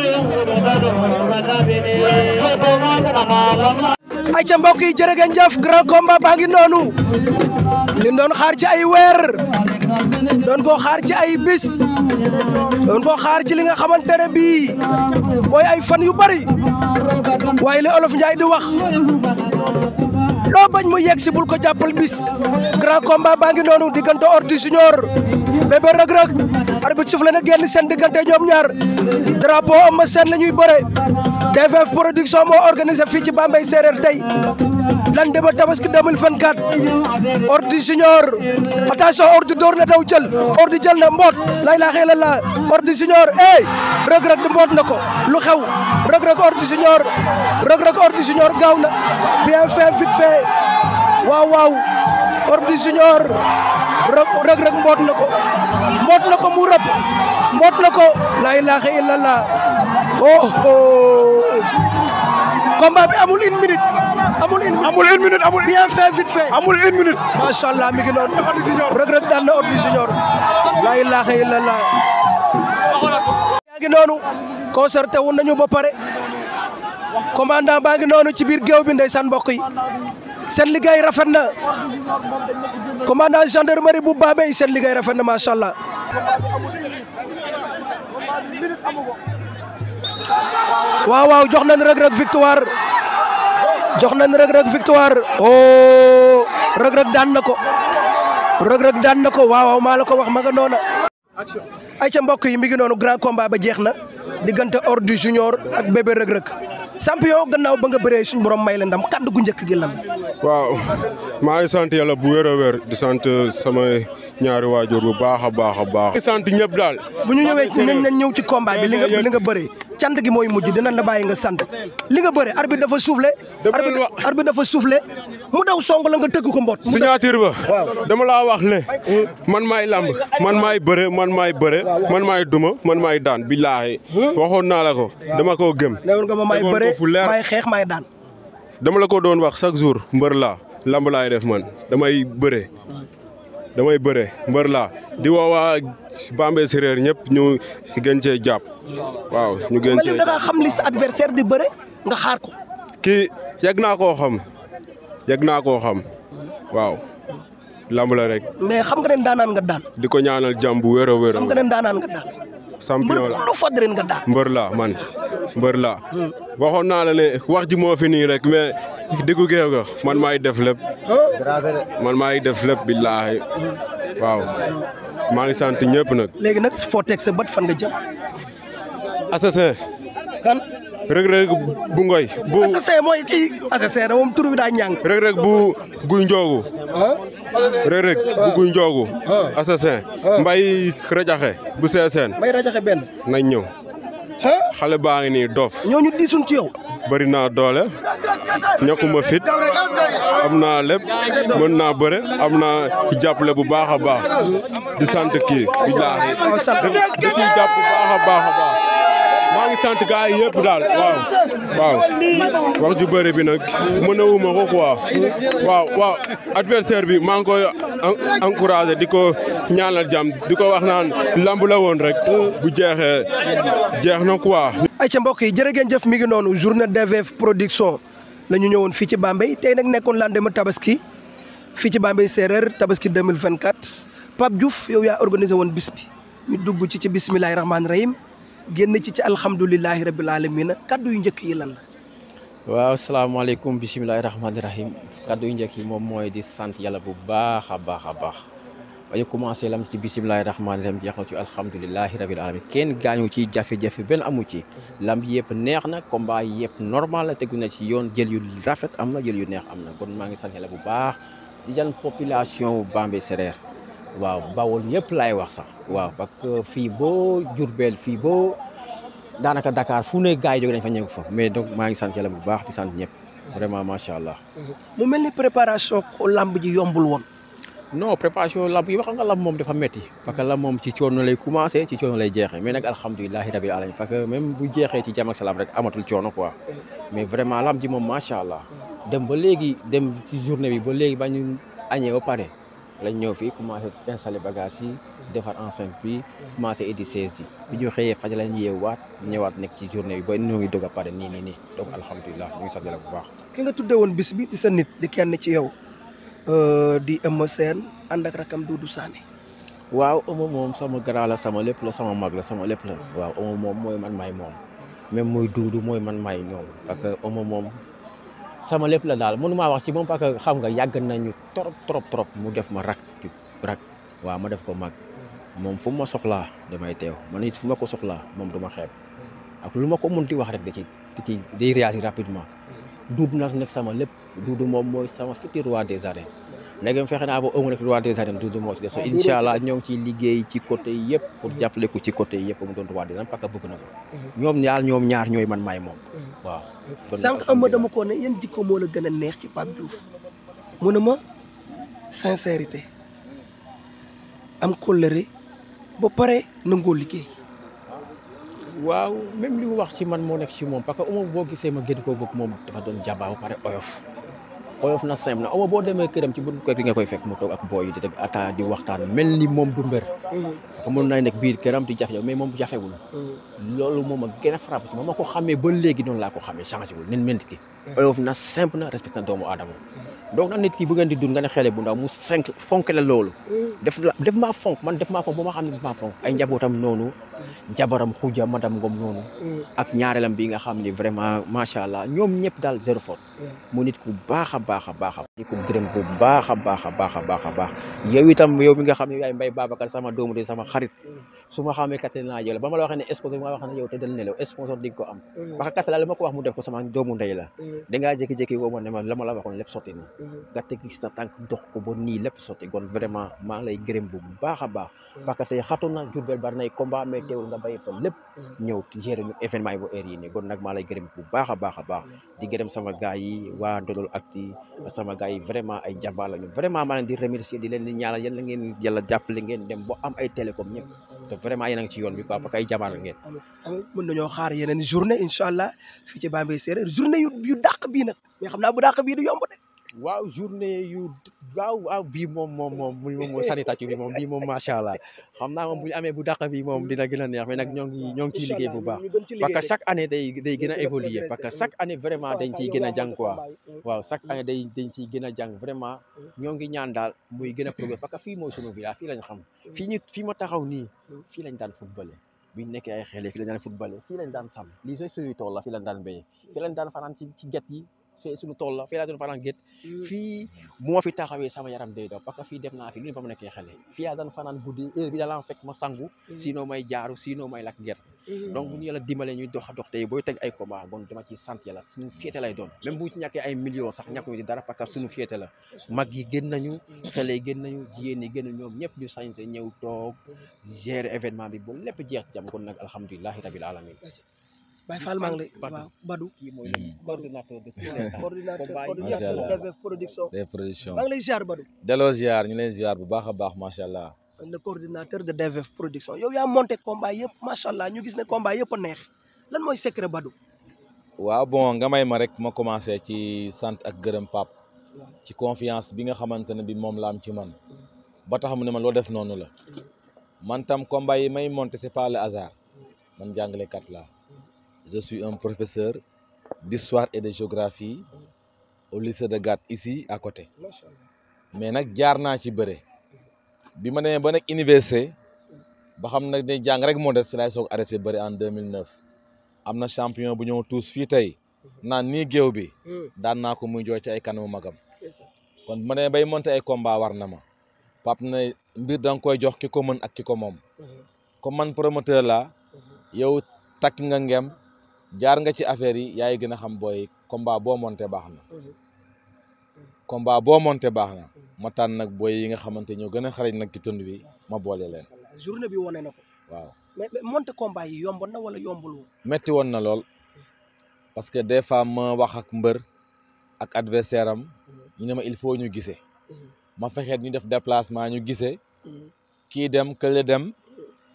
ay ca mbokk yi jërë ngeen jëf grand combat baa ngi noonu liñ doon xaar ci ay weer doon ko xaar ci ay bis doon ko xaar ci li nga xamante ne bii mooy ay fan yu bari waaye li olof Njaay di wax loo bañ mu yegg si bul ko jàppal bis grand combat baa ngi noonu diggante Ordi Junior Bébé Reug Reug arbitre soufflé na génn seen diggante ñoom ñaar drapeau Eumeu Sène la ñuy bëre DFF production moo organisé fii ci Bambey séeréer tey lan dema tabaski 2024 ordi junior attention ordi door na daw jël ordi jël na mboot lay laa xëy la laa ordi junior ey Reug Reug mboot na ko lu xew Reug Reug ordi junior Reug Reug bien fait vite fait waaw waaw ordi mboot na ko mboot na ko mu rëbb mboot na ko la ilaha illallah oh oh combat bi amul une minute amul une minute amul une minute amul bien fait vite allah mi ngi noonu Reug Reug daan na Orly Junior la ilaha illallah yaa ngi noonu concerté wu nañu ba pare commandant baa ngi noonu ci biir géew bi ndeysaan mbokk yi seen liggéey rafet na commandant gendarmerie bu Bambey seen liggéey rafet na macha allah. waaw waaw jox nañ Reug Reug victoire jox nañ Reug Reug victoire oh Reug Reug daan na ko Reug Reug daan na ko waaw waaw maa la ko wax ma ay ca mbokk yi mi ngi noonu grand combat ba jeex na diggante Ordu Junior ak bébé Reug Reug champion gannaaw ba nga bëree suñu borom may la ndam kaddu gu njëkk gi lan waaw maa ngi sant yàlla bu wér a wér di sant sama ñaari waajur bu baax a baax a baax. di sant ñëpp daal. bu ñu ñëwee ci nañ ñëw ci combat bi li nga li nga bëree cant gi mooy mujj dinañ la bàyyi nga sant li nga bëree bi dafa ar bi dafa soufflé mu daw song la nga tëgg ko mbot. signature ba dama laa wax ne man maay lamb man maay bëree man maay bëre man maay duma man maay daan billaahi waxoon naa la ko dama leer maay xeex may daan. dama la ko doon wax chaque jour mbër laa lamb laay def man damay bëre. damay bëre mbër la di woo waa Bambey Séréer ñu gën cee jàpp waaw ñu gën cee da nga xam li sa adversaire ko. naa koo xam yàgg naa koo xam waaw lamb la rek. mais xam nga ne daanaan nga daan. di ko ñaanal jàmb bu wér a xam nga ne daanaan nga daan. champion la lu fodder nga daan. mbër laa man mbër laa. waxoon naa ne wax ji moo fi nii rek mais diggu géew ga man maay def lépp. man maay def lépp billaahi waaw maa ngi sant ñëpp nag. léegi nag foo teg sa bët fan nga jëm. assassin. rëg-rëg bu ngoy moom tur bi daa ñàng rëg-rëg bu guy njoogu rëg-rëg bu guy njoogu mbay rajaxe bu seeseen ñëw xale baa ngi nii dof ñooñu diisuñ ci yow bëri doole ñàkkuma fit am naa lépp mën naa bëre am na jàppale bu baax a baax di sant kii billaahi di ciy jàpp bu baax sant gars yi yëpp daal waaw waaw wax ju bëri bi nag mënewuma ko quoi waaw waaw adversaire bi maa ngi koy encouragé di ko ñaanal jàmm di ko wax naan lamb la woon rek bu jeexee jeex na quoi. ay ca mbokk yi jërë ngeen mi ngi noonu journée DVF production la ñu ñëwoon fii ci Bambey tey nag nekkoon lendemain tabaski fii ci Bambey séeréer tabaski 2024 Pape Diouf yow yaa organisé woon bis bi ñu dugg ci ci bisimilahi rahmaani rahim. génn ci ci alhamdulilahi rabil alamina kaddu yu njëkk yi lan la. waaw salaamaaleykum bisimilahi rahmaani rahim kaddu yu njëkk yi moom mooy di sant yalla bu baax a baax a baax waaye commencé lam ci bisimilahi rahmaani rahim jeex na ci alhamdulilahi rabil alamin kenn gaañu ci jafe-jafe benn amu ci lam yëpp neex na combat yëpp normal la tegu na ci yoon jël yu rafet am na jël yu neex am na kon maa ngi sant yàlla bu baax di jan population Bambey waaw bawol yëpp laay wax sax waaw parce que fii boo jur Jurbel fii boo daanaka Dakar fu ne gars yi jóge nañ fa ñëw fa mais donc maa ngi sant yàlla bu baax di sant ñëpp vraiment macha allah. mu mel ni préparation lamb ji yombul woon. non préparation lamb yi wax nga lamb moom dafa metti parce que lamb moom ci coono lay commencé ci coono lay jeexee mais nag alhamdulilahi rabil alamin parce que même bu jeexee ci jàmm ak salaam rek amatul coono quoi mais vraiment lamb ji moom macha allah dem ba léegi dem ci journée bi ba léegi ba añee ba pare. lañu ñëw fii commencé installé bagage yi defar enceinte bi commencé indi seize yi bi ñu xëyee faj lañ yeewaat ñëwaat nekk ci journée bi ba ñoo ngi dëgg a pare nii nii nii donc alhamdulilah ñu ngi sant yàlla bu baax ki nga tuddee woon bis bi di sa nit di kenn ci yow euh, di Eumeu Sène ànd ak rakam Doudou Sané waaw Eumeu moom sama grand la sama lépp la sama mag la sama lépp la waaw Eumeu moom mooy man maay moom même mooy Doudou mooy man may ñoom parce que Eumeu moom sama lépp la daal mënu maa wax ci moom parce xam nga yàgg nañu trop trop trop mu def ma rak ci rak waaw ma def ko mag moom fu ma soxlaa damay teew man it fu ma ko soxlaa moom du ma xeeb ak lu ma ko mun di wax rek da ci da ci day réagir rapidement duub nag nekk sama lépp duudu moom mooy sama futur roi des arènes ndegam fexe naa ba ëmb rek roi des arènes du mois de so ah, incha allah ñoo ngi ciy liggéey ci côté yëpp pour jàppale ko ci côté yëpp mu doon roi des arènes parce mhm. ñoom ñaar ñoom ñaar ñooy man maay moom mhm. waaw sànq ëmb dama ko ne yéen gën neex ci Pape Diouf mu ma sincérité am kóllëre ba pare nangoo liggéey waaw même li mu wax ci man moo nekk ci moom parce que Oumar boo gisee ma gën koo bëgg moom dafa doon jàmbaar ba pare oyof oyof na simple na oma boo demee këram ci buntu kër gi nga koy fekk mu toog ak booy yi di teg ataa di waxtaan mm-hmm. biir këram di jafe yow mais moom jafewul mm-hmm. loolu moom a gën a frappé ci moom ba léegi noonu laa ko xamee changé wul nen menti ki mm-hmm. oyof na simple na respecté na doomu aadama donc nag nit bu ngeen di dund nga ne xale bu ndaw mu cinq fonk la loolu def maa fonk man def maa fonk ba ma xam ne def maa fonk ay njabootam noonu jabaram xuja madame Ngom noonu mm. ak ñaareelam bi nga xam ni vraiment allah ñoom ñëpp daal mm. mu nit ku baax a baax a baax a di ko gërëm a baax a a baax a xam ne yaay Mbaye Babacar sama doomu de sama xarit mm. su xamee katte naa yow la ba ma la waxee ne sponsor bi ma wax ne yow te dal nelaw sponsor di nga ko am wax katte laa la ma ko wax mu def ko sama doomu ndey la dangaa jékki-jékki woo a ne ma la ma la waxoon lépp sotti na nga teg sa tànk dox ko ba nii lépp sotti kon vraiment maa lay gërëm bu baax a baax parce que tey xatu na Diourbel bari nay combat mais teewul nga bàyyi fa lépp ñëw gérer ñu événement yi ba heure yi nii nag ma lay gërëm bu baax a baax a baax di gërëm sama gars yi waa Ndondol Actu sama gars yi vraiment ay jàmbaar lañu vraiment maa leen di remercier di leen di ñaanal yàlla ngeen yàlla jàppale ngeen dem ba am ay télécom ñëpp te vraiment yéen a ngi ci yoon bi quoi parce que ay jàmbaar ngeen mën nañoo xaar yeneen journée incha allah fii ci Bambey Séeréer journée yu yu dàq bii nag xam naa bu dàq bii du yomb waaw journée yu waaw waaw bii moom moom moom moom mooy sanitatu bi moom bii moom macha allah xam naa moom bu amee bu dàq bi moom dina gën a neex mais nag ñoo ngi ñoo ngi ciy liggéey bu baax parce que chaque année day day gën a évoluer parce chaque année vraiment dañ ciy gën a jàng quoi waaw chaque année day dañ ciy gën vraiment ñoo ngi ñaan daal muy gën a progrès parce que fii mooy sunu village fii lañ xam fii ñu fii ma taxaw nii fii lañ daan footballé nekkee ay xeele fii lañ daan footballé fii lañ daan sàmm lii sooy la fii lañ daan béyee fii suñu tool la fii laa fanaan gétt mm. fii bu ma fi taxawee sama yaram day daw parce que fii def naa fi lu ne ba mu nekkee xale fii laa daan fanaan guddi heure bi dalaan mm. may jaaru sinon may lakk gerte mm. ñu dox dox booy teg ay combat bon dama ci sant yàlla suñu féete lay doon même bu ci ñàkkee ay millions sax ñàkkuñu di dara parce que suñu féete la mag yi gën nañu xale yi gën nañu jigéen yi gën nañu ñoom ñëpp ñu sañse ñëw toog gérer événement bi ba lépp jeex jam kon nag alhamdulilahi rabil alamin Baye Fall maa ngi lay waaw ba hmm. <laughs> coordinateur de coordinateur production des productions maa ngi lay ziar bu baax a baax macha allah. le coordinateur de DVF production yow yaa monté combat yëpp macha allah ñu gis ne combat yëpp a neex lan mooy secret Badou. waaw bon nga may ma rek ma commencé ci sant ak gërëm pap ci confiance bi nga xamante ne bi moom la am ci man hmm. ba tax mu ne ma loo def noonu la hmm. man tam combat may monté c'est pas le hasard man jàngalekat laa. Je suis un professeur d'histoire et de géographie au lycée de Gat ici à côté mais nag jaar naa ci bëre bi ma demee ba nag université ba xam nag ne jàng rek moo des si laay soog arrêté bëri en 2009 am na champion bu ñëw tuus fii tey naan nii géew bi hmm. daan naa ko mu jooy ci ay kanamu magam kon bi ma demee bay monté ay combat war na ma pap na mbir da koy jox ki ko mën ak ki ko moom hmm. comme man promoteur la hmm. yow takk nga ngem jaar nga ci affaire yi yaay gën a xam booy combat boo monte baax na mhm. Mhm. boo monté baax na ma tànn nag booy yi nga xamante ñoo gën a xarit nag ki tund bi ma boole leen journée bi wone na ko waaw mais yi yomboon na wala yombul woon métti woon na lool parce que des fois ma wax ak mbër ak adversaire am mhm. ñu ne ma il faut ñu gisee ma fexeet ñu def déplacement ñu gisee kii dem kële dem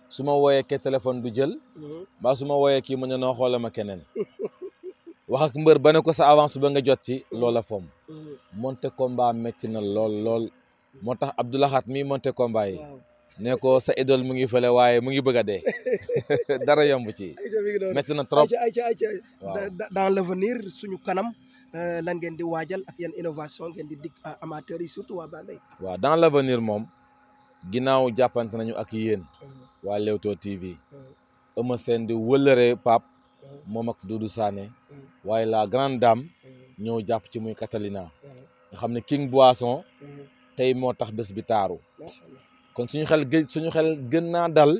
su ma wooyee ke téléphone du jël mhm. mbaa su ma wooyee kii mu ne noo xoole ma keneen waxak ak mbër ba ne ko sa avance ba nga jot ci mhm. loola fomm mhm. monte combat métti na lool lool moo tax Abdoulahat mi monte combat yi ne ko sa idole mu ngi fële waaye mu ngi bëgg a dee <laughs> dara yomb ci métti na trop ay ca ay ca dans l'avenir suñu kanam euh, lan ngeen di waajal ak yan innovation ngeen di dig amateur yi surtout waa Bambey waaw dans l'avenir moom ginnaaw jàppante nañu ak yéen mm-hmm. waa Leewtoo TV mm-hmm. Eumeu Sène di wëlëre Pape mm-hmm. moom ak Doudou Sané waaye la grand dame ñëw jàpp ci muy Catalina nga xam ne King Boisson tey moo tax bés bi taaru kon suñu xel gë suñu xel gën naa dal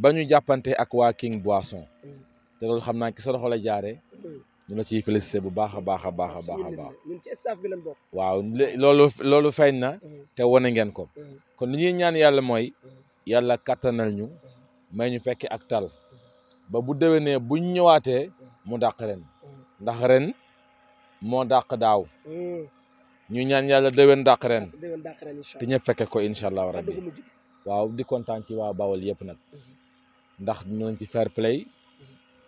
ba ñu jàppante ak waa King Boisson te loolu xam naa ki sa la jaare ñu la ciy félicité bu baax a baax a baax baax a baax ñun ci waaw loolu loolu feeñ na mm-hmm. te wane ngeen ko mm-hmm. kon li ñuy ñaan yàlla mooy mm-hmm. yàlla kattanal ñu may ñu fekki ak tal ba bu déwénee buñ ñëwaatee mu dàq ren ndax ren moo dàq daaw ñu ñaan yàlla déwén dàq ren te ñëpp fekke ko incha allahu rabbi waaw di kontaan ci waa Bawol yëpp nag ndax dinañ ci fair play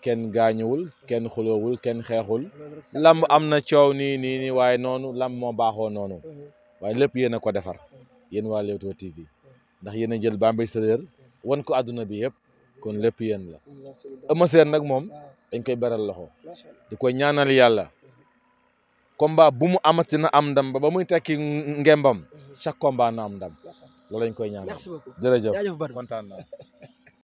kenn gaañuwul kenn xuloowul kenn xeexul lamb am na coow nii nii waaye noonu lamb moo baaxoo noonu mhm. waaye lépp yéen a ko defar yéen waa Leewtoo TV ndax yéen a jël Bambey Séeréer wan ko àdduna bi yëpp kon lépp yéen la Eumeu Sène nag moom dañ koy beral loxo di koy ñaanal yàlla combat bu mu amati na am ndam ba ba muy tekki ngembam mhm. chaque combat na am ndam loolu lañ koy ñaanal jërëjëf kontaan naa <laughs>